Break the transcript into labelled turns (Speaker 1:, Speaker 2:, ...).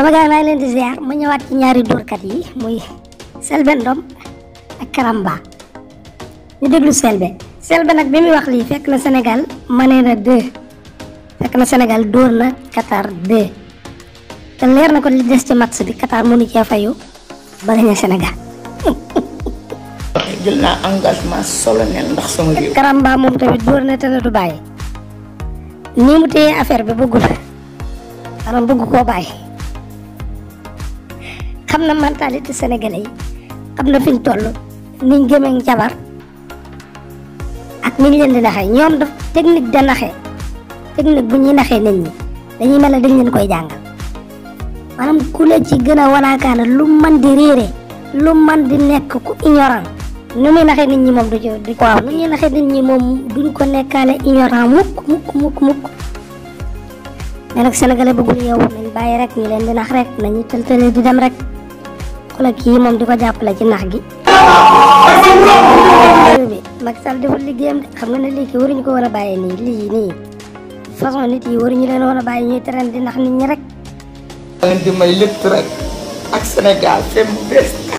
Speaker 1: sama gars may len di ziar ma ñewat ci ñaari door kat yi muy selbe Ndom ak Karamba ñu deglu selbe selbe nak bimi wax li fekk na senegal mané na 2 fekk na senegal door na Qatar 2 te leer na ko li dess ci match bi Qatar mu mënu ci fayu ba nga senegal
Speaker 2: jël na engagement solennel ndax sama rew
Speaker 1: Karamba mom tamit door na tane ne du bàyyi ni mu téye affaire bi bëggul maanaam bëgg ko baye xam na mentalité sénégalais yi xam na fi ñu toll niñ gëmee njabar ak niñ leen di naxee ñoom daf technique da naxee technique bu ñuy naxee nit ñi dañuy mel ne dañ leen koy jàngal maanaam ku la ci gën a wanaakaana lu man di réere lu man di nekk ku ignorant nu muy naxee nit ñi moom du ci du waaw nu ñuy naxee nit ñi moom ko nekkaale ignorant mukk mukk mukk mukk mais nag sénégalais bëggul yow nañ rek ñu di nax rek nañu tëltële di dem rek jàppale kii moom di ko jàppale ci nax gi. Macky Sall deful liggéeyam de xam nga ne lii kii waruñu ko war a bàyyi nii lii nii façon nit yi waruñu leen war a bàyyi ñuy train nax nit ñi rek.
Speaker 2: leen di may lépp rek ak Sénégal fi mu bees